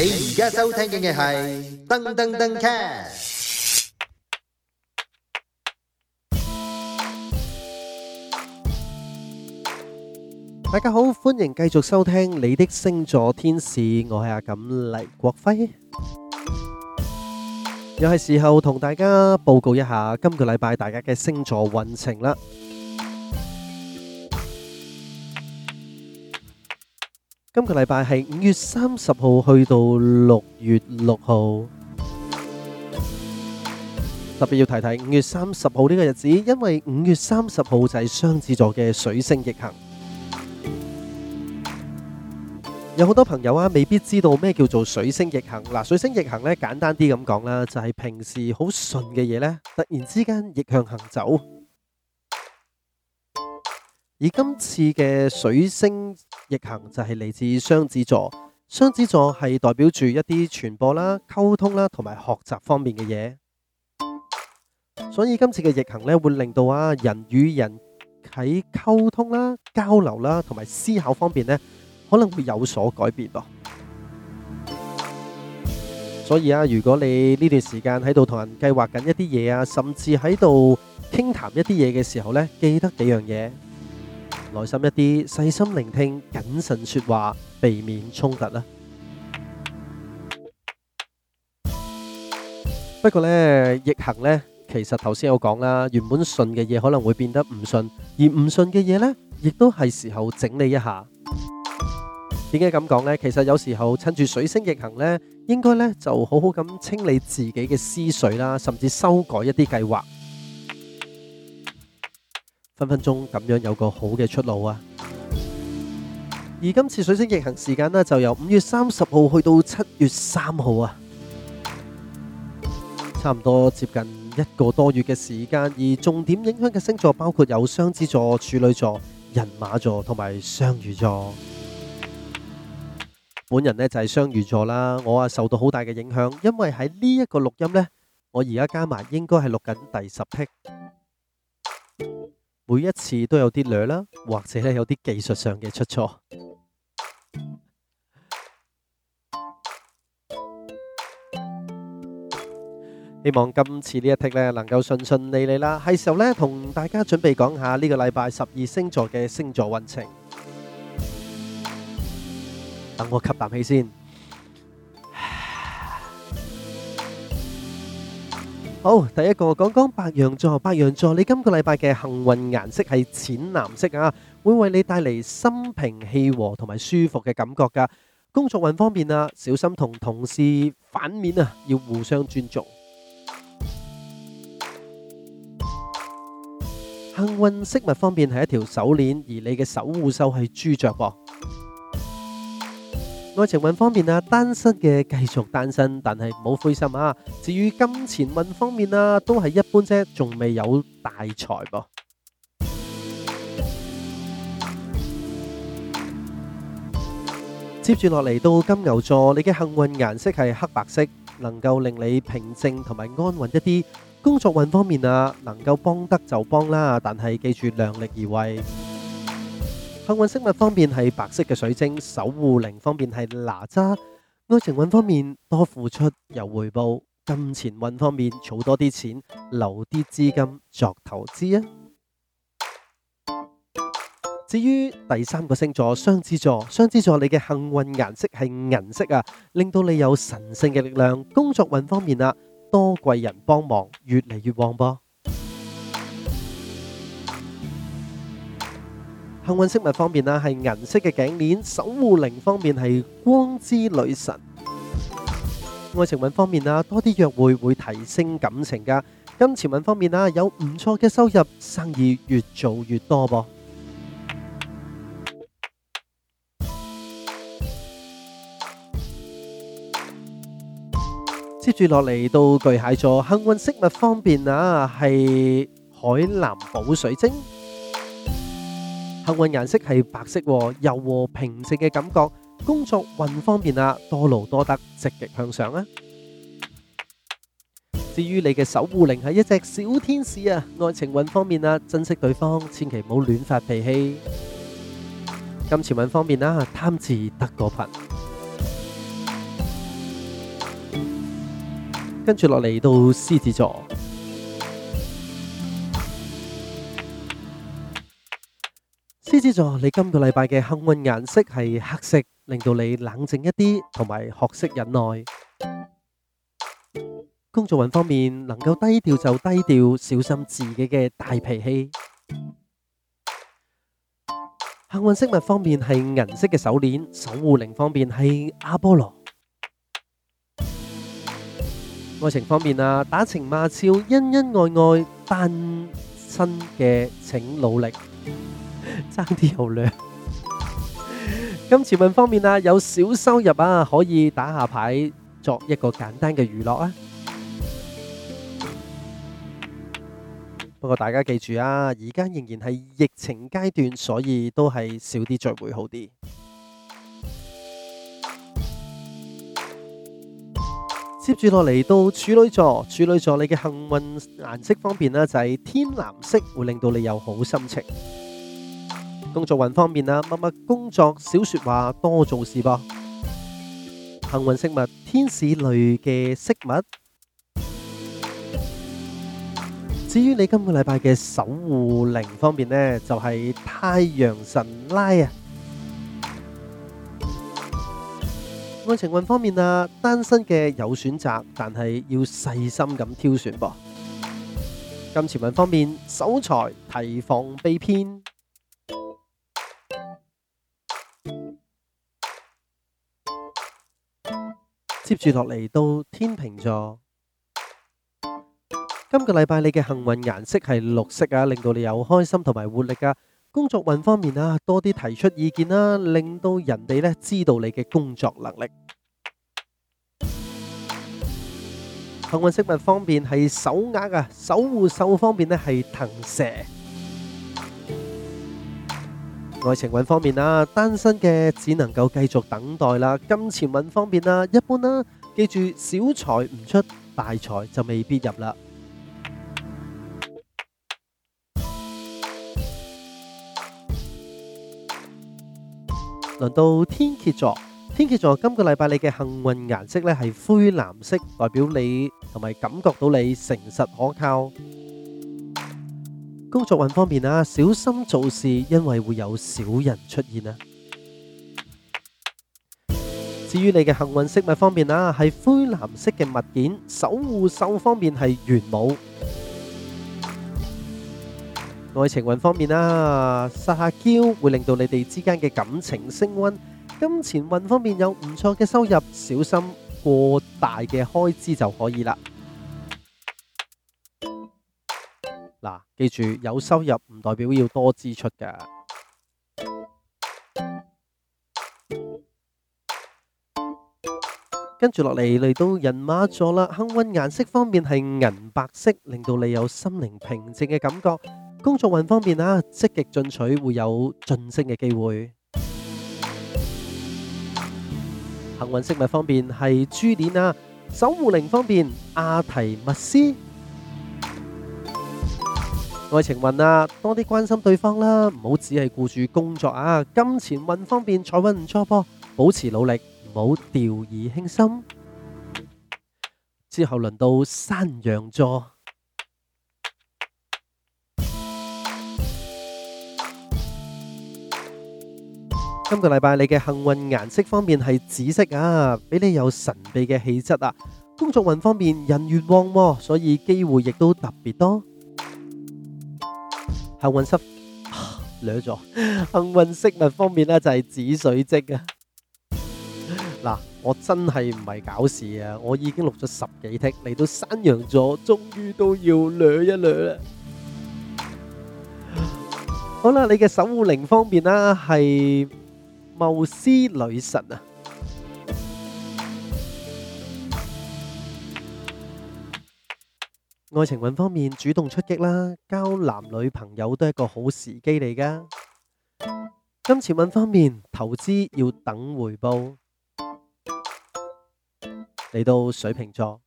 你而家收聽嘅係噔噔噔 cast。大家好，歡迎繼續收聽你的星座天使，我係阿感黎國輝，又係時候同大家報告一下今個禮拜大家嘅星座運程啦。今個禮拜係五月三十號去到六月六號，特別要提提五月三十號呢個日子，因為五月三十號就係雙子座嘅水星逆行。有好多朋友啊，未必知道咩叫做水星逆行。嗱，水星逆行咧，簡單啲咁講啦，就係平時好順嘅嘢咧，突然之間逆向行走。而今次嘅水星逆行就係嚟自雙子座，雙子座係代表住一啲傳播啦、溝通啦、同埋學習方面嘅嘢。所以今次嘅逆行咧，會令到啊人與人喺溝通啦、交流啦、同埋思考方面咧，可能會有所改變噃。所以啊，如果你呢段時間喺度同人計劃緊一啲嘢啊，甚至喺度傾談一啲嘢嘅時候咧，記得幾樣嘢。耐心一啲，細心聆聽，謹慎說話，避免衝突啦。不過呢，逆行呢，其實頭先有講啦，原本順嘅嘢可能會變得唔順，而唔順嘅嘢呢，亦都係時候整理一下。點解咁講呢？其實有時候趁住水星逆行呢，應該呢就好好咁清理自己嘅思緒啦，甚至修改一啲計劃。分分鐘咁樣有個好嘅出路啊！而今次水星逆行時間呢，就由五月三十號去到七月三號啊，差唔多接近一個多月嘅時間。而重點影響嘅星座包括有雙子座、處女座、人馬座同埋雙魚座。本人呢就係雙魚座啦，我啊受到好大嘅影響，因為喺呢一個錄音呢，我而家加埋應該係錄緊第十批。每一次都有啲 lợi，或者呢有啲技術上嘅出錯。希望今次呢一題能夠順順利利啦。好，第一個講講白羊座。白羊座，你今個禮拜嘅幸運顏色係淺藍色啊，會為你帶嚟心平氣和同埋舒服嘅感覺噶。工作運方面啊，小心同同事反面啊，要互相尊重。 幸運飾物方面係一條手鏈，而你嘅守護獸係朱雀噃。愛情運方面啊，單身嘅繼續單身，但係唔好灰心啊。至於金錢運方面啊，都係一般啫，仲未有大財噃。 接住落嚟到金牛座，你嘅幸運顏色係黑白色，能夠令你平靜同埋安穩一啲。工作運方面啊，能夠幫得就幫啦，但係記住量力而為。幸運飾物方面係白色嘅水晶，守護靈方面係哪吒。愛情運方面多付出有回報，金錢運方面儲多啲錢，留啲資金作投資啊。至於第三個星座雙子座，雙子座你嘅幸運顏色係銀色啊，令到你有神聖嘅力量。工作運方面啊，多貴人幫忙，越嚟越旺噃。幸運飾物方面啦，係銀色嘅頸鏈；守護靈方面係光之女神。愛情運方面啊，多啲約會會提升感情噶。金錢運方面啊，有唔錯嘅收入，生意越做越多噃。接住落嚟到巨蟹座，幸運飾物方面啊，係海藍寶水晶。幸運顏色係白色，柔和平靜嘅感覺。工作運方面啊，多勞多得，積極向上啊。至於你嘅守護靈係一隻小天使啊，愛情運方面啊，珍惜對方，千祈唔好亂發脾氣。金錢運方面啦，貪字得個貧。跟住落嚟到獅子座。獅子座，你今個禮拜嘅幸運顏色係黑色，令到你冷靜一啲，同埋學識忍耐。工作運方面，能夠低調就低調，小心自己嘅大脾氣。幸運飾物方面係銀色嘅手鏈，守護靈方面係阿波羅。愛情方面啊，打情罵俏，恩恩愛愛，單身嘅請努力。爭啲好量。金錢運方面啊，有小收入啊，可以打下牌作一個簡單嘅娛樂啊。 不過大家記住啊，而家仍然係疫情階段，所以都係少啲聚會好啲。接住落嚟，到處女座，處女座你嘅幸運顏色方面呢、啊，就係、是、天藍色，會令到你有好心情。工作運方面啊，默默工作，少說話，多做事噃。幸運飾物，天使類嘅飾物。至於你今個禮拜嘅守護靈方面呢，就係太陽神拉啊。愛情運方面啊，單身嘅有選擇，但係要細心咁挑選噃。金錢運方面，守財提防被騙。接住落嚟到天秤座，今個禮拜你嘅幸運顏色係綠色啊，令到你有開心同埋活力啊。工作運方面啊，多啲提出意見啦，啊，令到人哋呢知道你嘅工作能力。幸運飾物方面係手鈪啊，守護獸方面呢係騰蛇。愛情運方面啦，單身嘅只能夠繼續等待啦，金錢運方面啦，一般，記住小財唔出，大財就未必入喇。輪到天蠍座，天蠍座，今個禮拜你嘅幸運顏色呢係灰藍色，代表你同埋感覺到你誠實可靠。工作運方面啊，小心做事，因為會有小人出現啊。至於你嘅幸運飾物方面啊，係灰藍色嘅物件。守護獸方面係玄武。愛情運方面啊，撒下嬌會令到你哋之間嘅感情升温。金錢運方面有唔錯嘅收入，小心過大嘅開支就可以啦。嗱，記住有收入唔代表要多支出㗎。跟住落嚟嚟到人馬座啦，幸運顏色方面係銀白色，令到你有心靈平靜嘅感覺。工作運方面啊，積極進取會有晉升嘅機會。幸運飾物方面係珠鏈啊，守護靈方面阿提密斯。愛情運啊，多啲關心對方啦，唔好只係顧住工作啊。金錢運方面財運唔錯噃，保持努力，唔好掉以輕心。之後輪到山羊座，今個禮拜你嘅幸運顏色方面係紫色啊，俾你有神秘嘅氣質啊。工作運方面人緣旺喎，所以機會亦都特別多。幸運色掠咗，幸運飾物方面呢就係紫水晶啊！嗱，我真係唔係搞事啊！我已經錄咗十幾聽，嚟到山羊座，終於都要掠一掠啦！好啦，你嘅守護靈方面啦係繆斯女神啊！愛情運方面，主動出擊啦，交男女朋友都係一個好時機嚟㗎。金錢運方面，投資要等回報。嚟到水瓶座，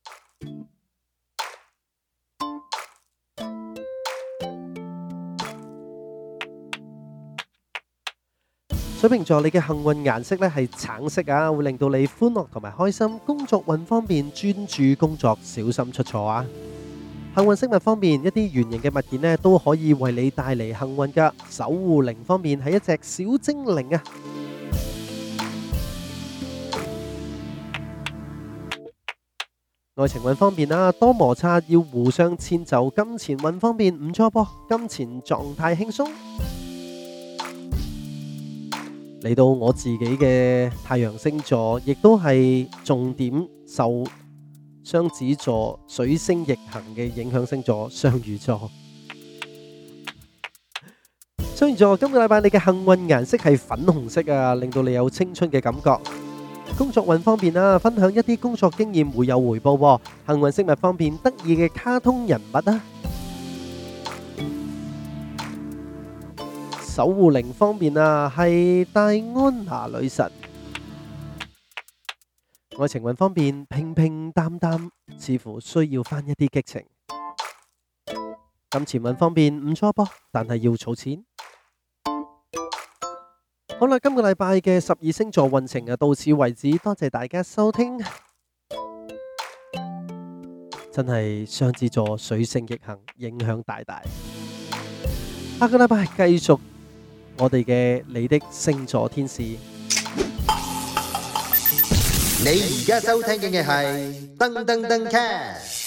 水瓶座你嘅幸運顏色呢係橙色啊，會令到你歡樂同埋開心。工作運方面，專注工作，小心出錯啊。幸運飾物方面，一啲圓形嘅物件咧都可以為你帶嚟幸運㗎。守護靈方面係一隻小精靈啊。愛情運方面啦，多磨擦要互相遷就。金錢運方面唔錯噃，金錢狀態輕鬆。嚟到我自己嘅太陽星座，亦都係重點受。雙子座、水星逆行嘅影響星座雙魚座。雙魚座今個禮拜你嘅幸運顏色係粉紅色啊，令到你有青春嘅感覺。工作運方面啊，分享一啲工作經驗會有回報喎。幸運飾物方面，得意嘅卡通人物啊。守護靈方面啊，係黛安娜女神。喺愛情運方面，平平淡淡，似乎需要翻一啲激情。咁財運方面唔錯噃，但係要儲錢。好啦，今個禮拜嘅十二星座運程啊，到此為止。多謝大家收聽，真係雙子座水星逆行影響大大。下個禮拜繼續我哋嘅你的星座天使。你而家收聽嘅係噔噔噔 cast。